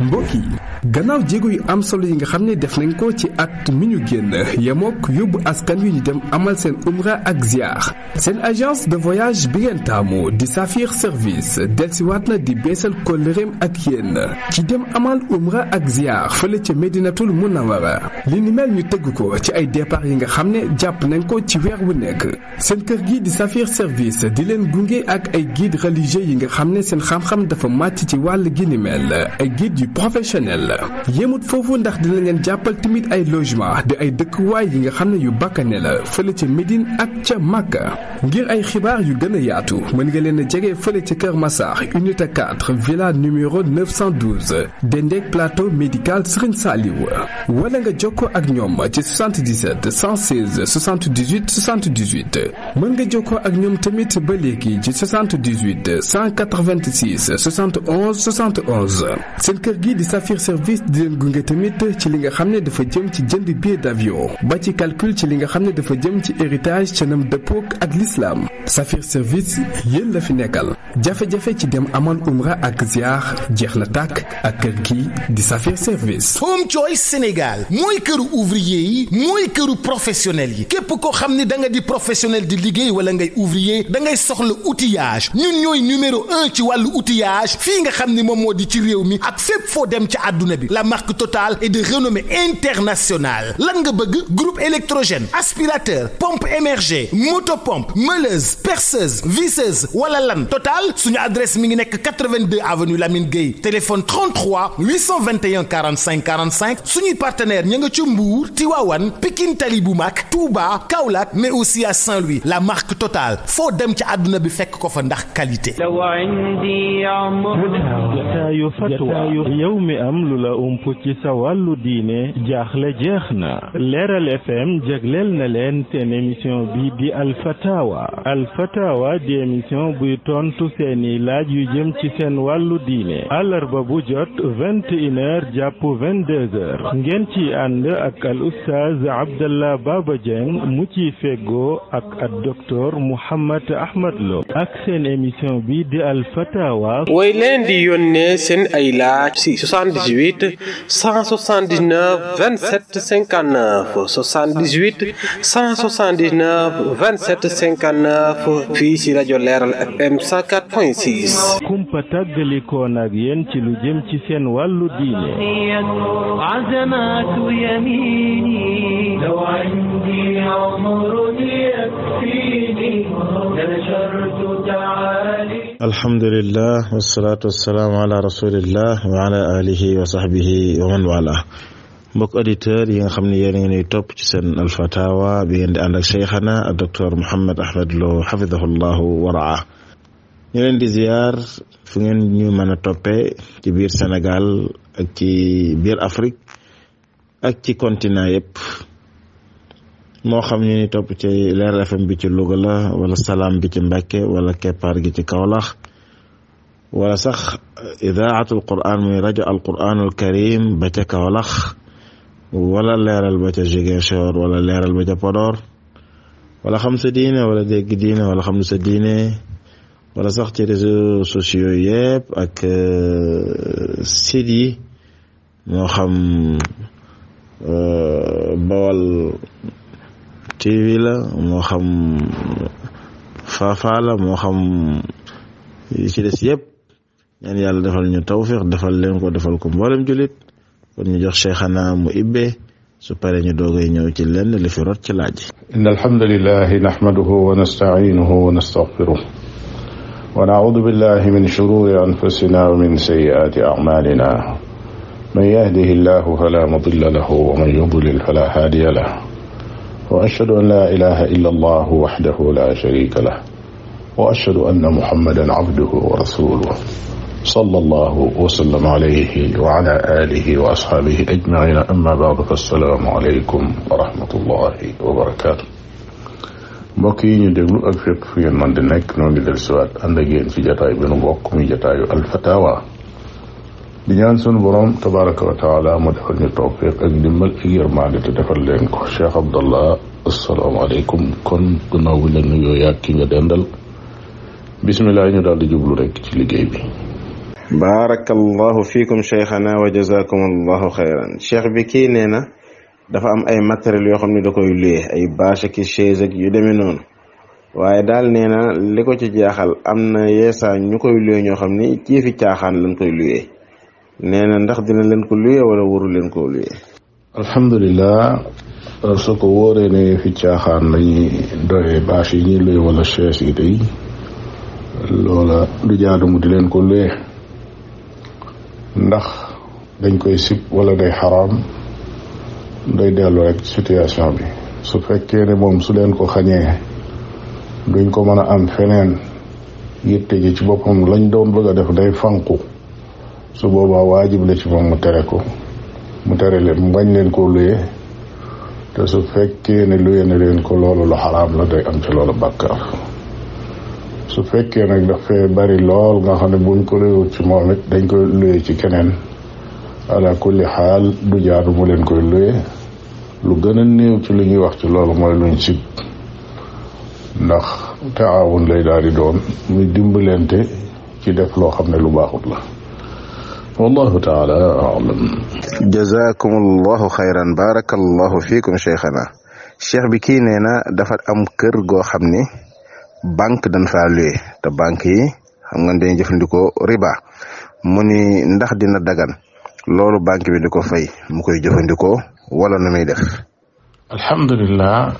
mbokk yi gannaaw jéego yu am solo yi nga xam ne def nañ ko ci at mi ñu génn yemook yóbbu askan wi ñu dem amal seen umra ak ziar seen agence de voyage bi ngeen taamu di Safir service delsiwaat na di beesal kóllëreem ak yéen ci dem amal umra ak ziar fële ca Medinatul Munawara li ni mel ñu tëgg ko ci ay départ yi nga xam ne jàpp nañ ko ci weer wu nekk seen kër gi di Safir service di leen gunge ak ay guide religieux yi nga xam ne seen xam-xam dafa màcc ci wàll gi ni mel ay professionnel yéemut foofu ndax dina leen jàppal tamit ay logement di ay dëkkuwaay yi nga xam ne yu bakkane la fële ca Médine ak ca Màkka ngir ay xibaar yu gën a yaatu mën nga leen a jege fële ca Kër Massar unité 4 villa numéro 912 dendeek plateau médical Serigne Saliou wala nga jokkoo ak ñoom ci 77 116 78 78 mën nga jokkoo ak ñoom tamit ba léegi ci 78 186 71 71 seen kër gi di Saphir Service di gunge tamit ci li nga xam ne dafa jëm ci jënd billet d'avion ba ci calcul ci li nga xam ne dafa jëm ci héritage canam dëppook ak l'islam Saphir Service yéen la fi nekkal jafe-jafe ci dem amal umra ak ziar jeex na tàkk ak kër gi di Saphir Service. Home Choice Sénégal mooy këru ouvrier yi mooy këru professionnel yi képp koo xam ni danga di professionnel di liggéey wala ngay ouvrier da ngay soxla outillage ñun ñooy numéro un ci wàllu outillage fii nga xam ni moom moo di ci réew mi ak fépp fépp foo dem ci àdduna bi la marque Total est de renommée internationale lan nga bëgg groupe électrogène aspirateur pompe émergée motopompe meuleuse perceuse visseuse wala lan Total suñu adresse mi ngi nekk 82 avenue Lamine Gueye téléphone 33 821 45 45 suñuy partenaire ña nga ci Mbour Tivaouane Pikine Tali bu mag Touba Kaolack mais aussi à Saint-Louis la marque Total foo dem ci àdduna bi fekk ko fa ndax qualité. yow mi am lu la ump ci sa wàllu diine jaaxle jeex na leeral fm jegleel na leen seen émission bi di alfatawa alfatawa di émission buy tontu seeni laaj yu jëm ci seen wàllu diine àllarba bu jot vingt une heure jàpp vingt ngeen ci ànd ak al ustaaz abdallah baaba dieng mu ci feggoo ak ak docteur mouhammad ahmad lo ak seen émission bi di alfatawa way leen di yónnee seen ay laaj si 78 179 27 59 78 179 27 59 fii si rajo Leeral FM 104.6. kumpa tàggalikoon ak yéen ci lu jëm ci seen wàllu diine. alhamdulillah wasalaatu wasalaamu ala rasulillah ala alihi wa sahbihi wa man wala mbokk auditeurs yi nga xam ne yéen a ngi topp ci seen alfatawa bi ngeen di ànd ak cheikhana ak docteur Mouhamed Ahmed Lo xafidahullahu waraa ñu leen di ziar fu ngeen ñu mën a toppee ci biir Sénégal ak ci biir Afrique ak ci continent yëpp moo xam ñu ni topp ci Leer FM bi ci Louga la wala Salaam bi ci Mbàkke wala Keppaar gi ci kawlax wala sax idaacatul qur'aan muy rajo alqur'aanul karim ba ca Kawlax wala leeral ba ca Ziguinchor wala leeral ba ca Podor wala xam sa diine wala dégg diine wala xam sa diine wala sax ci réseaux sociaux yëpp ak euh, sites yi moo xam euh, Bawal TV la moo xam Fafa la moo xam yi ci des yëpp. ñaan yàlla defal ñu tawfiq defal leen ko defal ko julit kon ñu jox cheikhana mu ibbee su ñu doogay ñëw ci lenn li fi rot ci laaj yi inna alhamdulillahi nahmaduhu wa nasta'inuhu wa nastaghfiruh wa na'udhu billahi min shururi anfusina wa min sayyiati a'malina man yahdihillahu fala mudilla lahu wa man yudlil fala hadiya lahu wa ashhadu an la ilaha illa allah wahdahu la sharika lahu wa ashhadu sallallahu wa sallam alayhi wa ala alihi wa ashaabihi ajmaina amma baadu fa assalaamu aleykum wa rahmatullahi wa barakaatu mbokk yi ñu déglu ak fépp fu ngeen mën di nekk noo ngi del siwaat ànd ak yéen ci jataay bi nu bokk muy jataayu alfatawa di ñaan sunu boroom tabaraka wa taala mu defal ñu tawfiq ak dimbal ak yërmaande te defal leen ko Cheikh Abdallah asalaamaaleykum kon gannaaw bu ñu la nuyoo yàgg ki nga dendal bisimilah ñu daal di jublu rek ci liggéey bi baarakallahu fiikum cheikhana wa jazakum allahu xayran cheikh bi kii nee na dafa am ay matériel yoo xam ne da koy luyee ay bâche ak chaise ak yu demee noonu waaye daal nee na li ko ci jaaxal am na yeesaa ñu koy luyee ñoo xam ni ci fi caaxaan lañ koy luye nee na ndax dina leen ko luyee wala waru leen koo luyee alhamdulilah euh, su ko wóoree ne fi caaxaan lañuy doyee bâche yi ñuy luyee wala chaise yi loola du jaadu mu di leen ko luyee ndax dañ koy sib wala day xaraam day dellu rek situation bi su fekkee ne moom su leen ko xañee duñ ko mën a am feneen yitte ji ci boppam lañ doon bëgg a def day fanqu su boobaa waajib la ci moom mu tere ko mu tere leen mu bañ leen koo luye te su fekkee ne luye ne leen ko loolu lu xaraam la day am ci loolu bàkkaar su fekkee nag dafay bari lool nga xam ne buñ ko luyoo ci moom it dañ koy luyee ci keneen ala kulli xaal du jaadu mu leen koy luyee lu gën a néew ci lu ñuy wax ci loolu mooy luñ sib ndax taawun lay daal di doon muy dimbalante ci def loo xam ne lu baaxut la wallahu taala alam jazakum allahu xayran barakallahu fikum cheikhana bi kii nee na dafa am kër goo xam ni banque dañ faa luye te banque yi xam nga dañuy jëfandikoo riba mu ni ndax dina dagan loolu banque bi di ko fay mu koy jëfandikoo wala nu muy def. alhamdulilah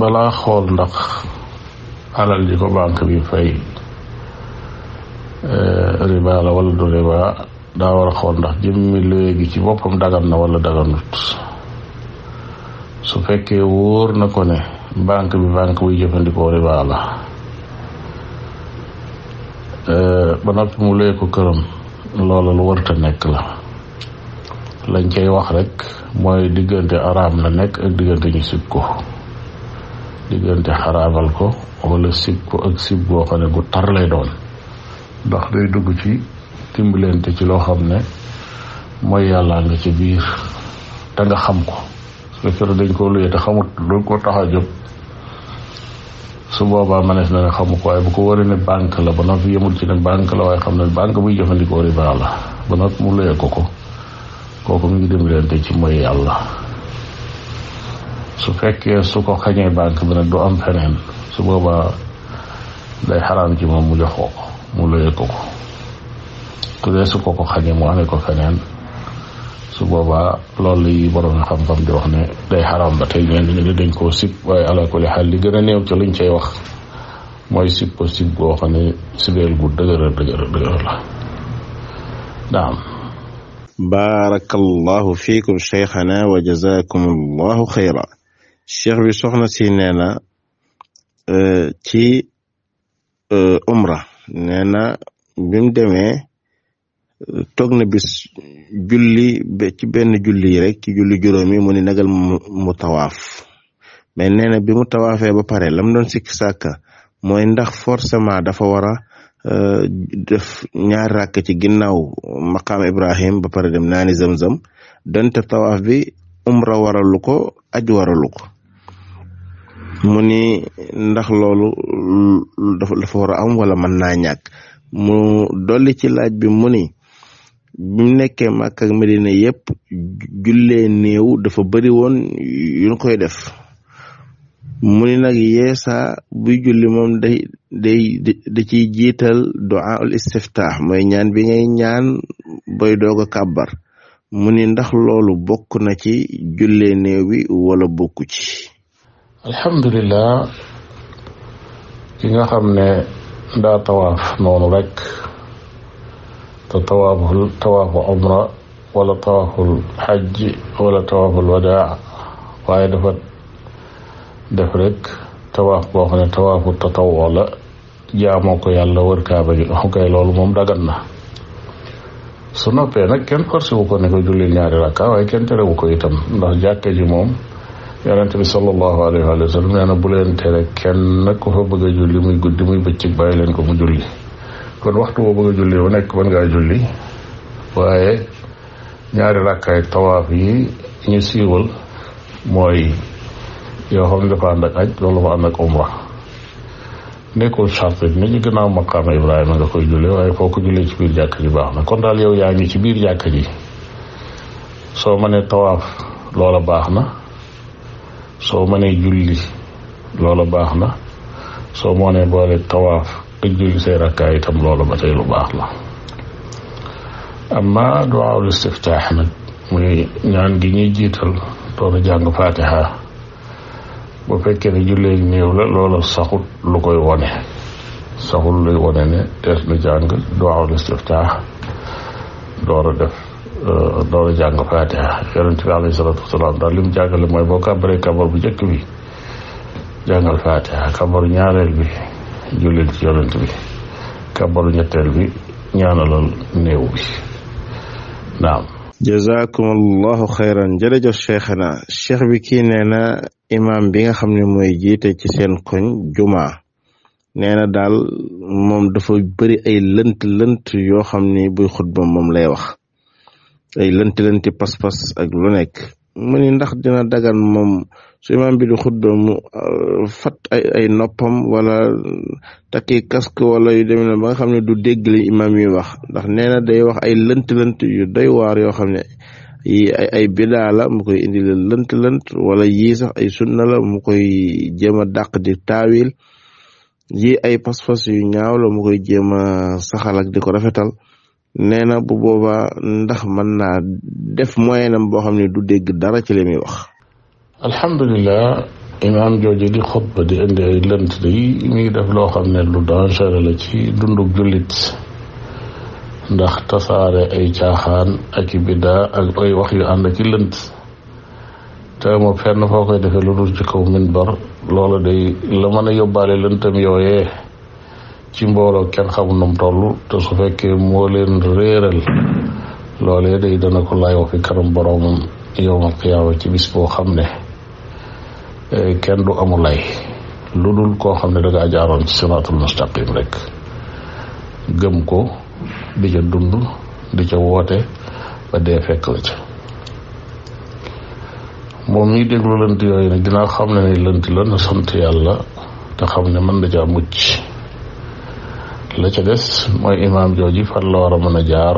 bala xool ndax alal ji ko banque bi fay eh, riba la wala du riba daa war a xool ndax jëmmi luye gi ci boppam dagam na wala daganut su fekkee wóor na ko banque bi bànk buy jëfandikoo riba la eh, ba noppi mu luye ko këram loola lu nekk la lañ cay wax rek mooy diggante araam la nekk ak diggante ñu sib ko diggante xaraamal ko walla sib ko ak sib goo xam ne gu tar lay doon ndax day dugg ci dimbalante ci loo xam ne mooy yàlla nga ci biir te nga xam ko su fekkee dañ koo luye te xamut lu ko tax a jóg su boobaa manees na ne xamu ko waaye bu ko waree ne banque la ba noppi yemul ci ne banque la waaye xam ne banque buy jëfandikoo riba la ba noppi mu luye ko ko kooku mu ngi dem leen te ci mooy yàlla su fekkee su ko xajee banque ba ne du am feneen su boobaa day xaraam ci moom mu jox ko mu luye ko ko su dee su ko ko xañee mu amee ko feneen su boobaa loolu yi borom xam-xam di wax ne day xaram ba tey ñenn ñu ne dañ sib waaye ala kulli xaal li gën a néew ci luñ cay wax mooy sib ko sib goo xam ne sibeel gu dëgëral dëgëral dëgëral la naam baarakallahu fiikum cheikhana wa jazakum allahu xayra cheikh soxna si nee na eh, ci eh, umra nee na bi mu toog na bis julli ci benn julli yi rek ci julli juróomi mu ni nagal mu tawaaf mais nee na bi mu tawaafee ba pare lam doon sikk sàkka mooy ndax forcément dafa war a euh, def ñaar ràkk ci ginnaaw maqaam Ibrahim ba pare dem naani zam-zam donte tawaaf bi umra waralu ko aj waralu ko mu ni ndax loolu dafa war a am wala mën naa ñàkk mu dolli ci laaj bi mu bi mu nekkee Makka ak Medina yépp jullee néew dafa bari woon yuñ koy def mu ni nag yeesaa buy julli day day da ciy jiital du'a ul istiftah mooy ñaan bi ngay ñaan boy doog a kàbbar mu ni ndax loolu bokk na ci jule néew bi wala bokku ci alhamdulilah ki nga xam ne daa tawaaf noonu rek te tawaaful tawaafu umra wala tawaaful xajj wala tawaaful wadaa waaye dafa def rek tawaaf boo xam ne tawaafu tatawoo la jaamoo ko yàlla wër kaaba gi xam loolu moom dagan na su noppee nag kenn forcé wu ko ne ko julli ñaari rakka waaye kenn terewu ko itam ndax jàkka ji moom yonent bi sallallahu alayhi wa sallam nee na bu leen tere kenn ku fa bëgg a julli muy guddi muy bëccëg bàyyi leen ko mu julli kon waxtu woo bëgg a julli wu nekk mën ngaa julli waaye ñaari rakkaay tawaaf yi ñu siiwal mooy yoo xam ne dafa ànd ak aj loolu dafa ànd ak umra nekkul charte ni ñu gënaaw maqaama Ibrahima nga koy jullee waaye foo ko ci biir jàkk ji baax na kon daal yow yaa ngi ci biir jàkk ji soo mënee tawaaf loola baax na soo mënee julli loola baax na soo mënee boole tawaaf nga julli say rakkaay itam loolu ba tey lu baax la amma duwaawul istiftaax nag muy ñaan gi ñuy jiital doon jàng faatiha bu fekkee ne julleeg néew la loola saxut lu koy wone saxul luy wone ne des na jàng duwaawul istiftaax door a def euh, door a jàng faatiha yonent bi alayhi li mu jàngale mooy boo kàbbaree kabar bu njëkk bi jàngal faatiha kabar ñaareel bi jullil ci yonent bi kàbbalu ñetteel bi ñaanalal néew bi naam jazakum allahu xayran jërëjëf bi kii nee na imaam bi nga xam ne mooy jiite ci seen koñ juma nee na daal moom dafa bari ay lënt lënt yoo xam ni buy xutba moom lay wax ay lënt lënti pas-pas ak lu nekk mu ndax dina dagan moom su imaam bi di xutba mu euh, fat ay ay noppam wala takki casque wala yu demee noonu ba nga xam ne du dégg li imaam yi wax ndax nee na day wax ay lënt-lënt yu day waar yoo xam ne ay ay bidaa la mu koy indi lënt-lënt wala yii sax ay sunna la mu koy jéem a dàq di taawil yi ay pas-pas yu ñaaw la mu koy jéem a saxal ak di ko rafetal nee na bu boobaa ndax mën naa def moyen am boo xam ne du dégg dara ci li muy wax. alhamdulilah imaam jooju di xutba di indi ay lënt yi mi def loo xam ne lu dangereux la ci dundub jullit ndax tasaare ay caaxaan ak i biddaa ak ay wax yu ànd ci lënt te moom fenn foo koy defee lu dul ci kaw minbar loola day la mën a yóbbaale lëntam yooyee ci mbooloo kenn xamul nu mu toll te su fekkee moo leen réeral loolee day dana ko fi kanam boroomam yowmal qiyaama ci bis boo xam ne Eh, kenn du amulay lu dul koo xam ne dangaa jaaroon ci siraatul mustaqim rek gëm ko di ca dund di ca woote ba dee fekk la ca moom miy déglu lënt yooyu nag dinaa xam ne ni lënt la na sant yàlla te xam ne mën na caa mucc la ca des mooy imaam jooji fan la war a mën a jaar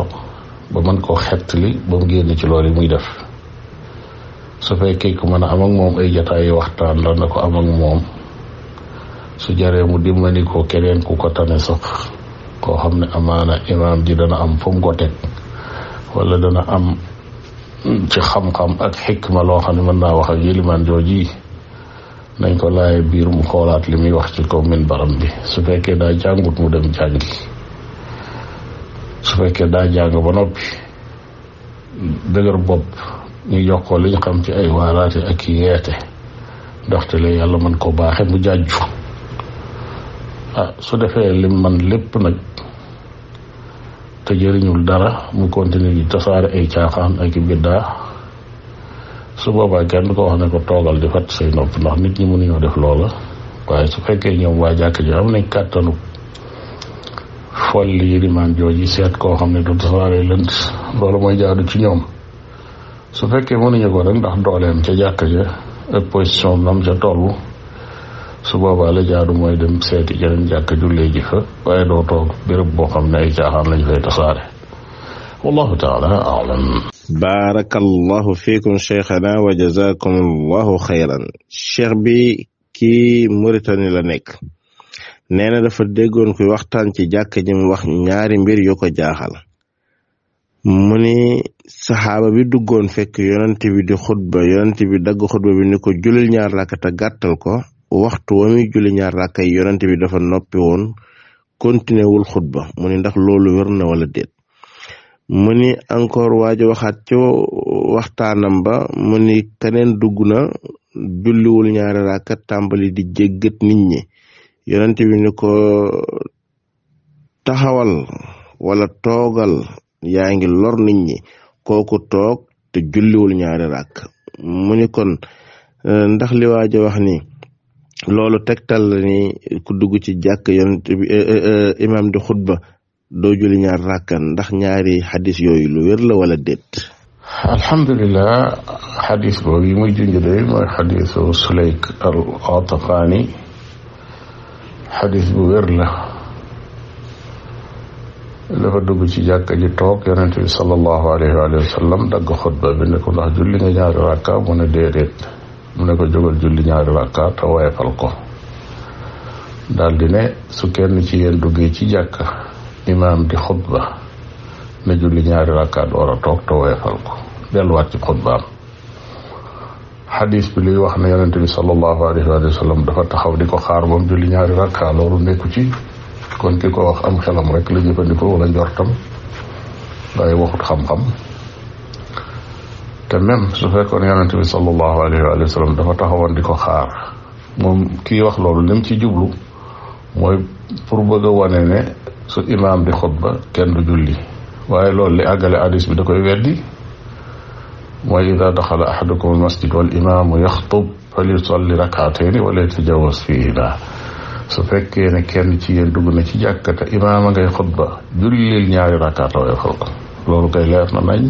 ba mën koo xettali ba mu génn ci loolu yi muy def su fekkee ku mën a am moom ay jataayu waxtaan la na ko am moom su jaree mu dimbali ko keneen ku ko tane sax koo xam ne amaana imaam ji dana am fu ko teg wala dana am ci xam-xam ak ma loo xam ne mën naa wax ak yilimaan jooji nañ ko laaye biir mu xoolaat li muy wax ci kaw min baram bi su fekkee daa jàngut mu dem jàngi su fekkee daa jàng ba noppi dëgër bopp ñu jox koo ñu xam ci ay waaraate ak yeete ndaxte la yàlla mën koo baaxe bu jàjju ah su defee lim man lépp nag te jëriñul dara mu continuer di tasaare ay caaxaan ak i biddaa su boobaa kenn koo wax ne ko toogal di fat say nopp ndax nit ñi mënuñoo def loola waaye su fekkee ñoom waa jàkk ji am nañ kàttanu foll yirimaan jooji seet koo xam ne du tasaare lënt loolu mooy jaadu ci ñoom su fekkee mënuñu ko rek ndax dooleem ca jàkk ja ak position bam ca toll su boobaa la jaadu mooy dem seeti jeneen jàkk jullee ji fa doo toog béréb boo xam ne ay caaxaan lañ fay tasaare wallahu taala alam barakallahu fiikum cheikhana wa allahu xayran cheikh bi kii Mauritanie la nekk nee na dafa déggoon kuy waxtaan ci jàkk ji mu wax ñaari mbir yu ko jaaxal mu ne saxaaba bi duggoon fekk yonent bi di xutba yonent bi dagg xutba bi ni ko julil ñaar rakka te gàttal ko waxtu wa muy julli ñaar rakka yi bi dafa noppi woon continué wul xutba mu ne ndax loolu wér na wala déet mu ni encore waaja waxaat ci waxtaanam ba mu ni keneen dugg na julliwul ñaari rakka tàmbali di jéggat nit ñi yonent bi ni ko taxawal wala toogal yaa ngi lor nit ñi kooku toog te julliwul ñaari ràkk mu ni kon e, ndax li waaja wax ni loolu tegtal la ni ku dugg ci jàkk yonent bi e, e, imam di xutba doo julli ñaar ràkkan ndax ñaari xadis yooyu lu wér la wala déet alhamdulilah xadis boobu yi muy junj day mooy xadisu suleyk al ataqaani xadis bu wér la dafa dugg ci jàkka ji toog yonent bi sallallahu alayhi wa sallam dagg xutba bi ne ko ndax julli nga ñaari rakka mu ne déedéet mu ne ko jógal julli ñaari rakka te woyefal ko daal ne su kenn ci yéen duggee ci jàkka imaam di xutba ne julli ñaari rakka door toog te woyefal ko delluwaat ci xutbaam xadis bi luy wax ne yonent bi sallallahu alayhi wa sallam dafa taxaw di ko xaar moom julli ñaari rakka loolu nekku ci kon ki ko wax am xelam rek la jëfandikoo wala njortam waaye waxut xam-xam te même su fekkoon yonente bi sallallahu alayhi wa sallam dafa taxawoon di ko xaar moom kii wax loolu lim ci jublu mooy pour bëgg a wane ne su imaam di xutba kenn du julli waaye loolu li àggale hadis bi da koy weddi mooy ida daxala ahadukum al masjid wal imaamu yaxtub fal yusalli rakataini wala yatajawas fiihinaa su fekkee ne kenn ci yéen dugg na ci jàkka te imaama ngay xutba jullil ñaari rakkaat la woyofal ko loolu kay leer na nañ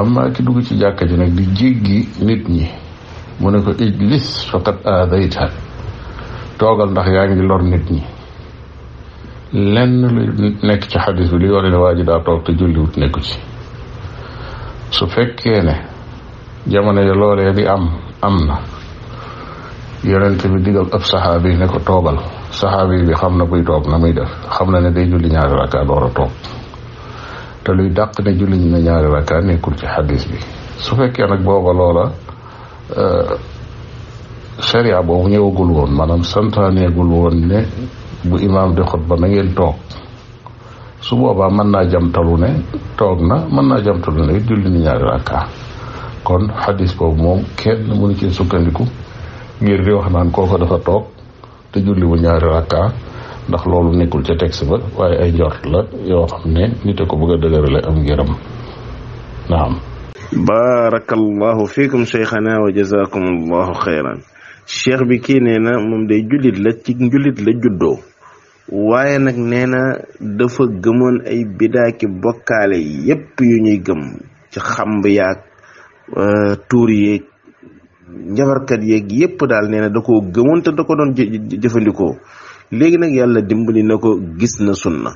amma ki dugg ci jàkka ji nag di jéggi nit ñi mu ne ko ijlis faqad aadayta toogal ndax yaa ngi lor nit ñi lenn lu nekk ci xadis bi li wane ne waa ji daa toog te julliwut nekku ci su fekkee ne jamono yi loolee di am am na yonent bi digal ab saxaabi ne ko toogal saxaabi bi xam na kuy toog na muy def xam na ne day julli ñaari rakka door a toog te luy dàq ne julli na ñaari rakka nekkul ci xadis bi su fekkee nag booba loola euh, sharia boobu ñëwagul woon maanaam santaaneegul woon ne bu imaam di xutba na ngeen toog su boobaa mën naa jamtalu ne toog na mën naa jamtalu ne julli na ñaari rakka kon xadis boobu moom kenn mënu ci sukkandiku ngir di wax naan dafa toog te julliwul ñaari rakka ndax loolu nekkul ca texte ba waaye ay njort la yoo xam ne nit a ko bëgg a dëgërale am ngëram naam barakallahu fiikum cheikhana wa jazakum allahu xayran bi ki nee na moom de jullit la ci njullit la juddoo waaye nag nee na dafa gëmoon ay bidaaki bokkaale yépp yu ñuy gëm ci xamb yaag euh, tuur yeeg njabarkat yeeg yépp daal nee na da ko gëmoon te da ko doon jëfandikoo léegi nag yàlla dimbali na ko gis na sunna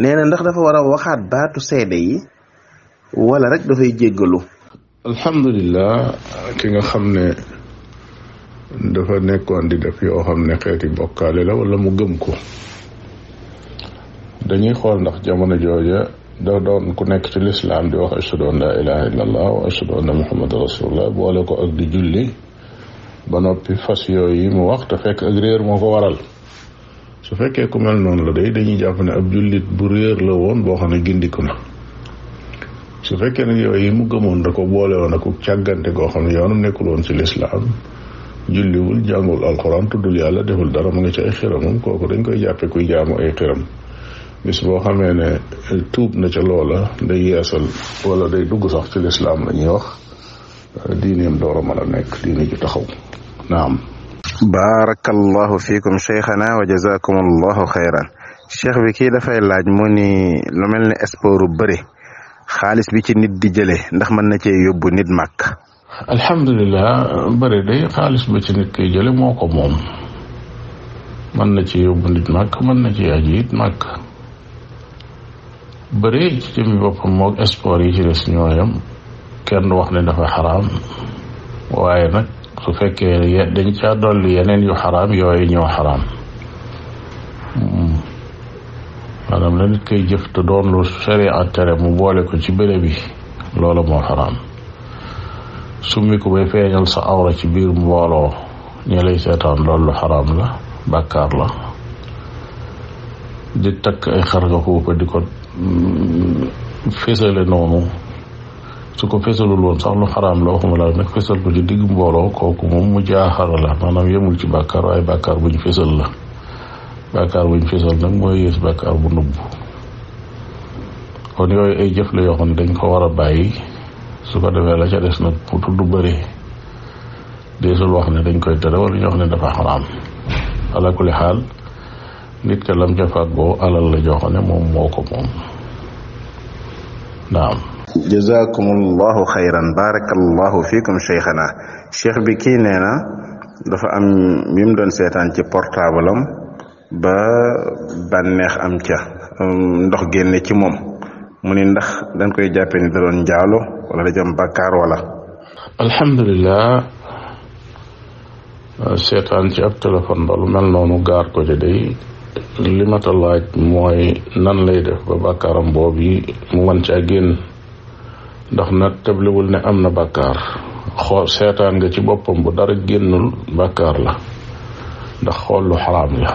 nee na ndax dafa war a waxaat baatu seede yi wala rek dafay jéggalu alhamdulilah ki nga xam ne dafa nekkoon di def yoo xam ne xeeti bokkaale la walla mu gëm ko dañuy xool ndax jamono jooja doo doon ku nekk ci lislaam di wax ashhadu an laa ilaha illa allah wa ashhadu anna muhammadan rasulullah boole ko ak di julli ba noppi fas yooyu mu wax te fekk ak réer moo ko waral su fekkee ku mel noonu la day dañuy jàpp ne ab jullit bu réer la woon boo xam ne gindiku na su fekkee ne yooyu mu gëmoon da ko boole woon ak càggante goo xam ne yoonam nekkul woon ci lislaam julliwul jàngul alxuraan tuddul yàlla deful dara mu ngi ci ay xiramam kooku dañ koy jàppe kuy ay xiram bis boo xamee ne tuub na ca loola day yeesal wala day dugg sax ci lislaam la ñuy wax a mën nekk diine ju taxaw naam baarakallahu fiikum cheikhana wa jazakum allahu xayran cheikh bi kii dafay laaj mu ni lu mel ne sportu bëri xaalis bi ci nit di jëlee ndax mën na cee yóbbu nit màkk alhamdulilah bëri day xaalis ba ci nit moo ko moom mën na ci yóbbu nit màkk mën na ci aji it bari ci jëmmi boppam moog sport yi ci des ñooyam kenn wax ne dafa xaraam waaye nag su fekkee dañ caa dolli yeneen yu xaraam yooyu ñoo xaraam maanaam la nit koy jëf te doon lu sharia tere mu boole ko ci bëre bi loola moo xaraam summi ko bay feeñal sa awra ci biir mbooloo ñi lay seetaan loolu lu xaraam la bàkkaar la di takk ay xar nga xuupa di ko Mm, fésale noonu su ko fésalul woon sax lu xaraam la waxuma la nag fésal ko ci digg mbooloo kooku moom mu jaaxara la maanaam yemul ci bàkkaar waaye bàkkaar buñ fésal la bàkkaar buñ fésal nag mooy yées bàkkaar bu nubb kon yooyu ay jëf la yoo xam ne dañ ko war a bàyyi su ko demee la ca des nag bu tudd bëri deesul wax ne dañ koy tere wala ñu wax ne dafa xaraam ala xaal nit ka lam ca faat alal la joo xam ne moom mooko ko moom naam jazakum allahu xayran barakallahu fikum cheikhana cheikh bi kii nee na dafa am bi mu doon seetaan ci portable am ba bànneex am ca um, ndox génne ci moom mu ni ndax dañ koy jàppe ni da wala da jam bàkkaar wala alhamdulilah seetaan ci ab téléphone dalu mel noonu gaar ko ca day li mat laaj mooy nan lay def ba bàkkaaram boobu yi mu wan caa génn ndax nag tëblewul ne am na bakkaar xool seetaan nga ci boppam bu dara génnul bàkkaar la ndax xool lu xaraam la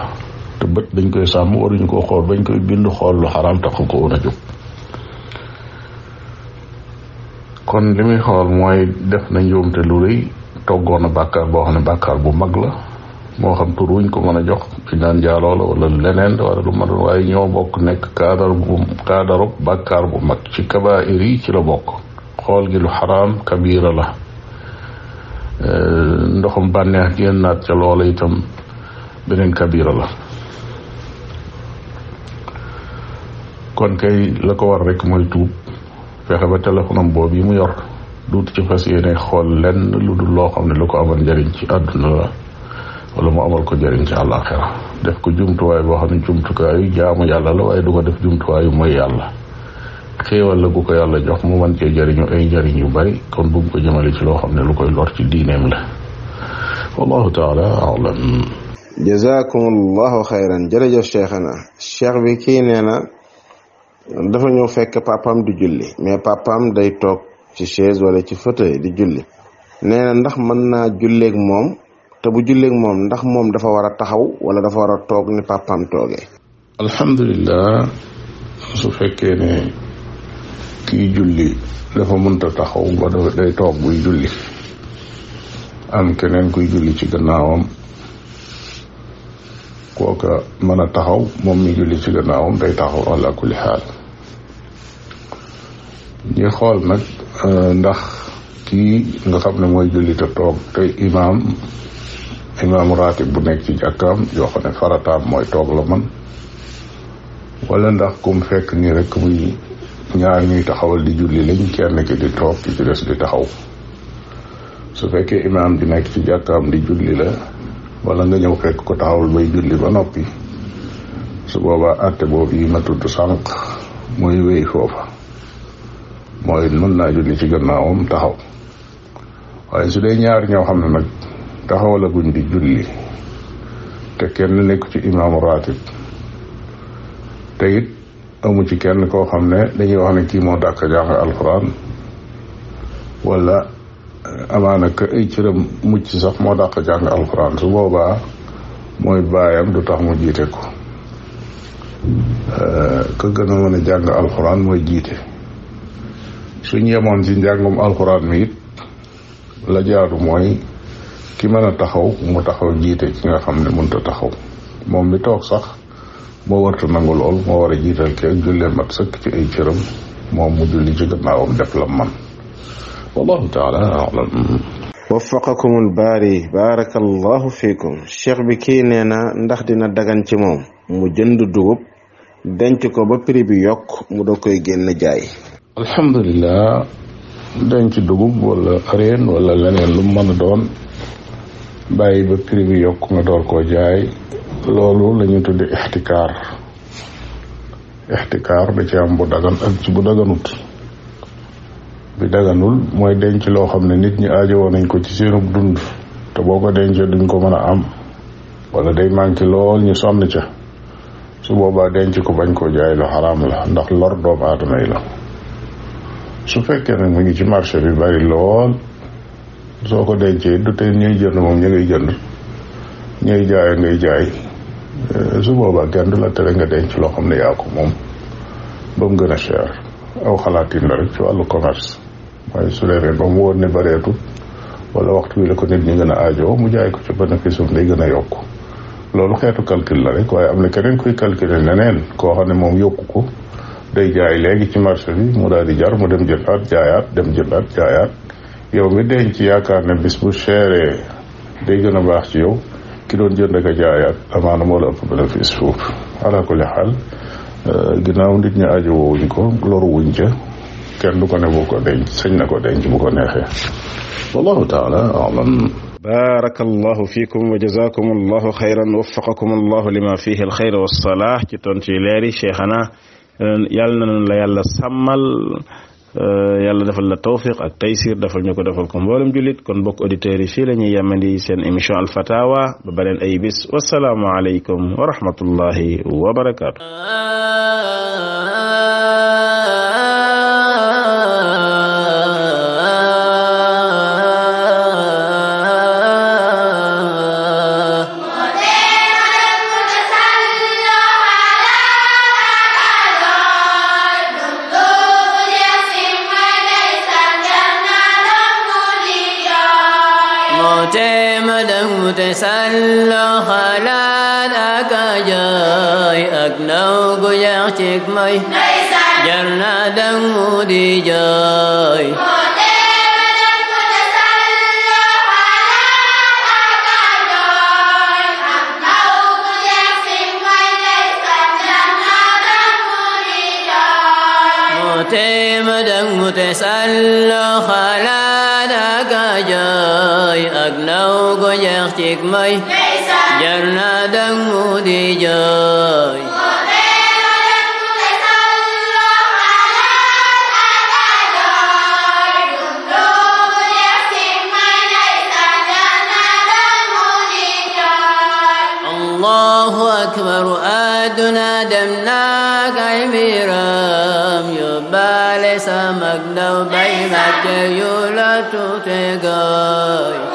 te bët dañ koy sàmm waruñu koo xool bañ koy bind xool lu xaraam taxu ko woon jóg kon li muy xool mooy def na njuumte lu rëy toggoon a bàkkaar boo xam ne bàkkaar bu mag la moo xam tur wuñ ko mën a jox dañ naan jaaloo wala leneen wala lu ma waaye ñoo bokk nekk kaadar bu kaadarub bàkkaar bu mag ci kabaa'ir yi ci la bokk xool gi lu xaraam kabiira la euh, ndoxum bànneex génn naat ca loola itam beneen kabiira la kon kay la ko war rek mooy tuub fexe ba téléphone am yi mu yor duut ci fas yéene xool len lu dul loo xam ne lu ko amal njëriñ ci àdduna la wala mu amal ko jëriñ ci àllaaxira def ko jumtuwaay boo xam ne jumtukaayu jaamu yàlla la waaye du ko def jumtuwaayu mooy yàlla xéewal la gu ko yàlla jox mu mën cee jëriñu ay jëriñ yu bari kon bugg ko jëmale ci loo xam ne lu koy lor ci diineem la wallahu taala alam jazakum allahu xayran jërëjëf cheikhana cheikh bi kii nee na dafa ñëw fekk papam di julli mais papam day toog ci chaise wala ci fauteuil di julli nee ndax mën naa julleeg moom te bu julleeg moom ndax moom dafa war a taxaw wala dafa war a toog ni papaam toogee. alhamdulilah su fekkee ne kii julli dafa mënta taxaw ba day toog buy julli am keneen kuy julli ci gannaawam kooka mën a taxaw moom mi julli ci gannaawam day taxaw ala kulli xaal ñi xool nag euh, ndax kii nga xam ne mooy julli te toog te imaam imaamu ratib bu nekk ci jàkkaam yoo xam ne farataam mooy toog la man wala ndax kum fekk nii rek muy ñaar ñuy taxawal di julli lañ kenn ki di toog ki ci des di taxaw su fekkee imaam di nekk ci jàkkaam di julli la walla nga ñëw fekk ko taxawal bay julli ba noppi su boobaa àtte boobu yi ma tudd sànq mooy wéy foofa mooy mën naa julli ci gannaawam taxaw waaye su dee ñaar ñoo xam ne nag taxawalaguñ di julli te kenn nekku ci imaamu ratib te it amu ci kenn koo xam ne dañuy wax ne kii moo dàkk jàng alxuraan wala eh, amaana ka ay cëram mucc sax moo dàq jàng alxuraan su boobaa mooy baayam du tax mu jiite ko eh, ka gën a mën a jàng alxuraan mooy jiite suñ yemoon ci njàngum alxuraan mi it la jaadu mooy ki mën a taxaw mu taxaw jiita ki nga xam ne mënta taxaw moom mi toog sax moo warta nangu lool moo war a jiital ki ak jullee mat sëkk ci ay cëram moom mu julli ci gannaawam def la man wallahu taala alam waffaqakum albaari bi kii nee na ndax dina dagan ci moom mu jënd dugub denc ko ba prix bi yokk mu da koy génn jaay alhamdulilah denc dugub wala reen wala leneen lu mën doon bàyyi ba prix bi yokk nga door koo jaay loolu la ñu tudde ixtikaar ixtikaar da ci am bu daganut bi daganul mooy denc loo xam ne nit ñi aajowoo nañ ko ci seenub dund te boo ko dencee duñ ko mën a am wala day manqué lool ñu sonn ca su boobaa denc ko bañ koo jaay lu xaraam la ndax lor doomu aadama yi la su fekkee nag mu ngi ci marché bi bari lool soo ko dencee du tey ñuy jënd moom ñu ngay jënd ñuy jaay ngay jaay euh, su boobaa kenn du la tere nga denc loo xam ne yaa ko moom ba mu gën a cher aw xalaatin la rek ci wàllu commerce waaye su demee ba mu wóor ne bareetut wala waxtu wi la ko nit ñu gën a aajoo mu jaay ko ci bénéfice am day gën a yokk loolu xeetu calcul la rek waaye am na keneen kuy calculer leneen koo xam ne moom yokku ko day jaay léegi ci marché bi mu daal di jar mu dem jëndaat jaayaat dem jëndaat jaayaat yow mi denc yaakaar ne bis bu seeree day a baax ci yow ki doon jënd ak a jaayaat amaana moo la ëpp bénéfice ala kulli xaal euh, ginnaaw nit ñi aajo woowuñ ko loru wuñ ca kenn du ko ne bu ko denc na ko denc bu ko neexee wallahu taala alam baraka allahu wa jazakum allahu xayran lima fihi alxayr wasalaah ci tontu yi leeri cheikhana yàlla na la yàlla Euh, yàlla defal la tawfiq ak taysir defal ñu ko defal ko mboolem jullit kon bokk auditeurs yi fii la ñuy yemandi seen émission al fatawa ba beneen ay bis wasalaamu aleykum wa rahmatullahi wa miram yóbbaale sa mag ndaw bay màgg yu la tuute gooy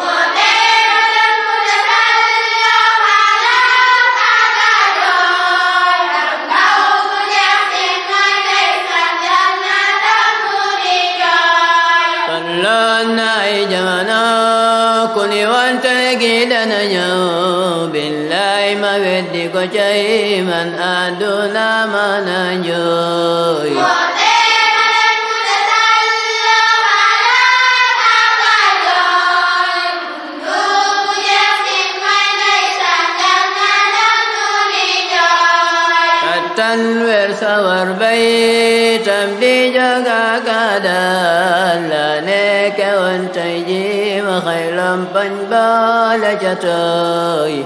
جئي من أدنا من أنجوي تنوير سور بيتم دي جوغا قدا لانيك وانتجيم خيلم بنبالة جتوي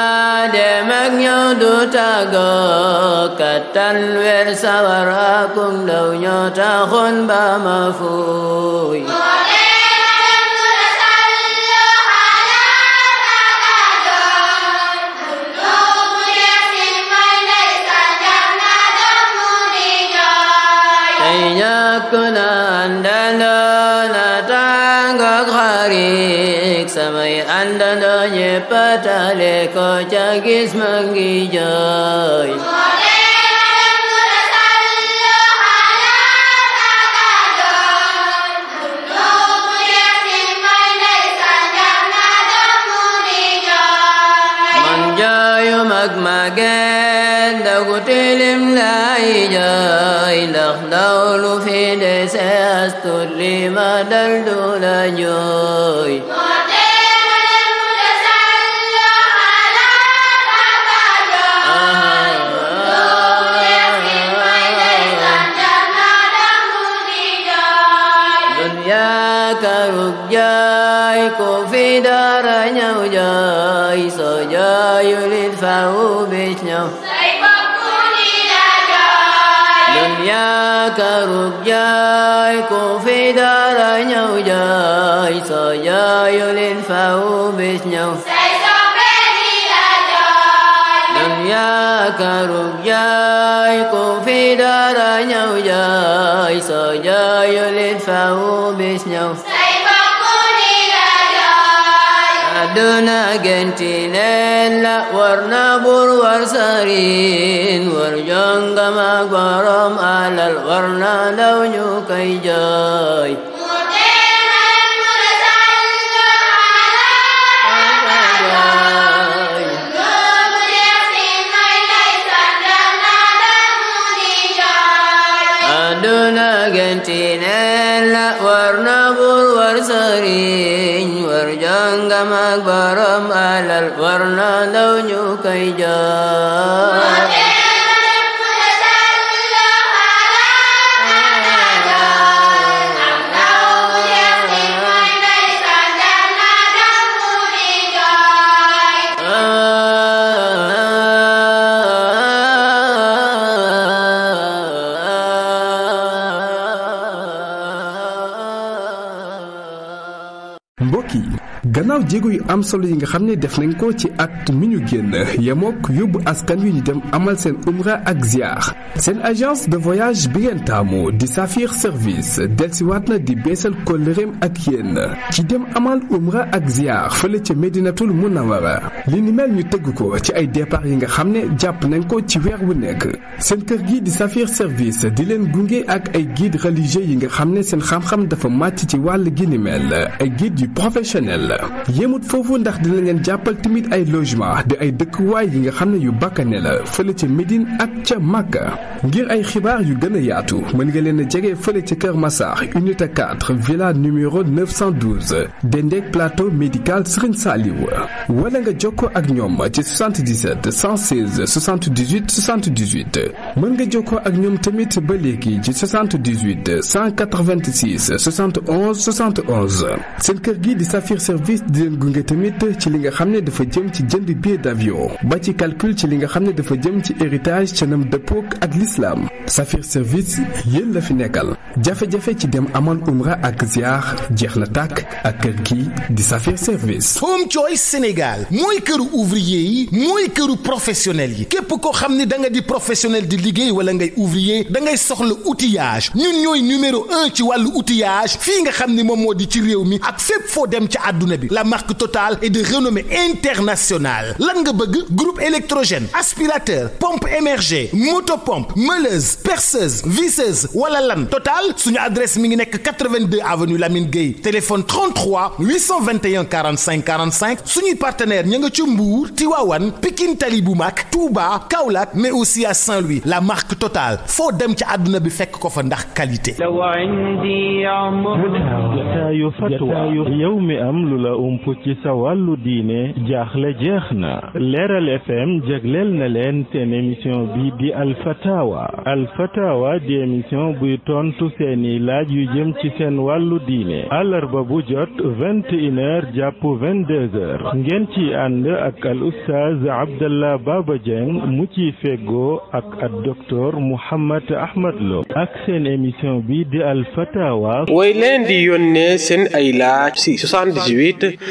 du tàggoo kattan weer sawara kum ndaw ñoo taxoon ba ma fuuy tey ñàkk na àndandoo na barik samay àndandoo ñépp tale ko ca gis ma ngi jooy ak mageen dagu tilim lay jooy ndax dawlu fi de sees tut li ma dal du la jooy jooyu say soppe di la jooy dam yaakaarug jooy ku fi dara bis ñëw say bakku di la jooy àdduna genti war na bur war sarin war jongama borom alal war na daw ñu koy jooy ak borom alal war na ndaw ñu koy jox jéego yu am solo yi nga xam ne def nañ ko ci at mi ñu génn yemook yóbbu askan wi ñu dem amal seen umra ak ziar seen agence de voyage bi ngeen taamu di Safir service delsiwaat na di beesal kóllëreem ak yéen ci dem amal umra ak ziar fële ca Medinatul Munawara li ni mel ñu tëgg ko ci ay départ yi nga xam ne jàpp nañ ko ci weer wu nekk seen kër gi di safiir service di leen gunge ak ay guide religieux yi nga xam ne seen xam-xam dafa màcc ci wàll gi ni mel ay guide yu yéemut foofu ndax dina leen jàppal tamit ay logement di ay dëkkuwaay yi nga xam ne yu bakk bakkane la fële ca Médine ak ca Màkka ngir ay xibaar yu gën a yaatu mën nga leen a jege fële ca Kër Massar unité 4 villa numéro 912 dendeek plateau médical Serigne Saliou wala nga jokkoo ak ñoom ci 77 116 78 78 mën nga jokkoo ak ñoom tamit ba léegi ci 78 186 71 71 seen kër gi di Safir service leen gunge tamit ci li nga xam ne dafa jëm ci jënd billet d'avion ba ci calcul ci li nga xam ne dafa jëm ci héritage canam dëppook ak l'islam Safir Service yéen la fi nekkal jafe-jafe ci dem amal umra ak ziar jeex na tàkk ak kër gi di Safir Service. Home Choice Sénégal mooy këru ouvrier yi mooy këru professionnel yi képp koo xam ni da nga di professionnel di liggéey wala ngay ouvrier dangay soxla outillage ñu ñooy numéro un ci wàllu outillage fii nga xam ni moom moo di ci réew mi ak fépp foo dem ci àdduna bi la marque Total et de renommée internationale lan nga bëgg groupe électrogène aspirateur pompe émergée motopompe meuleuse perceuse visseuse wala lan Total suñu adresse mi ngi nekk 82 avenue Lamine Gueye téléphone 33 821 45 45 suñuy partenaire ña nga ci Mbour Tivaouane Pikine Tali bu mag Touba Kaolack mais aussi à Saint-Louis la marque Total foo dem ci àdduna bi fekk ko fa ndax qualité. lamp sa wàllu diine jaaxle jeex na leeral fm jegleel na leen seen émission bi di alfatawa alfatawa di émission buy tontu seeni laaj yu jëm ci seen wàllu diine àllarba bu jot vingt une heure jàpp vingt ngeen ci ànd ak al oustaz abdallah baba dieng mu ci feggoo ak ak docteur mouhammad ahmad lo ak seen émission bi di alfatawa way leen di yónnee seen ay laaj si 78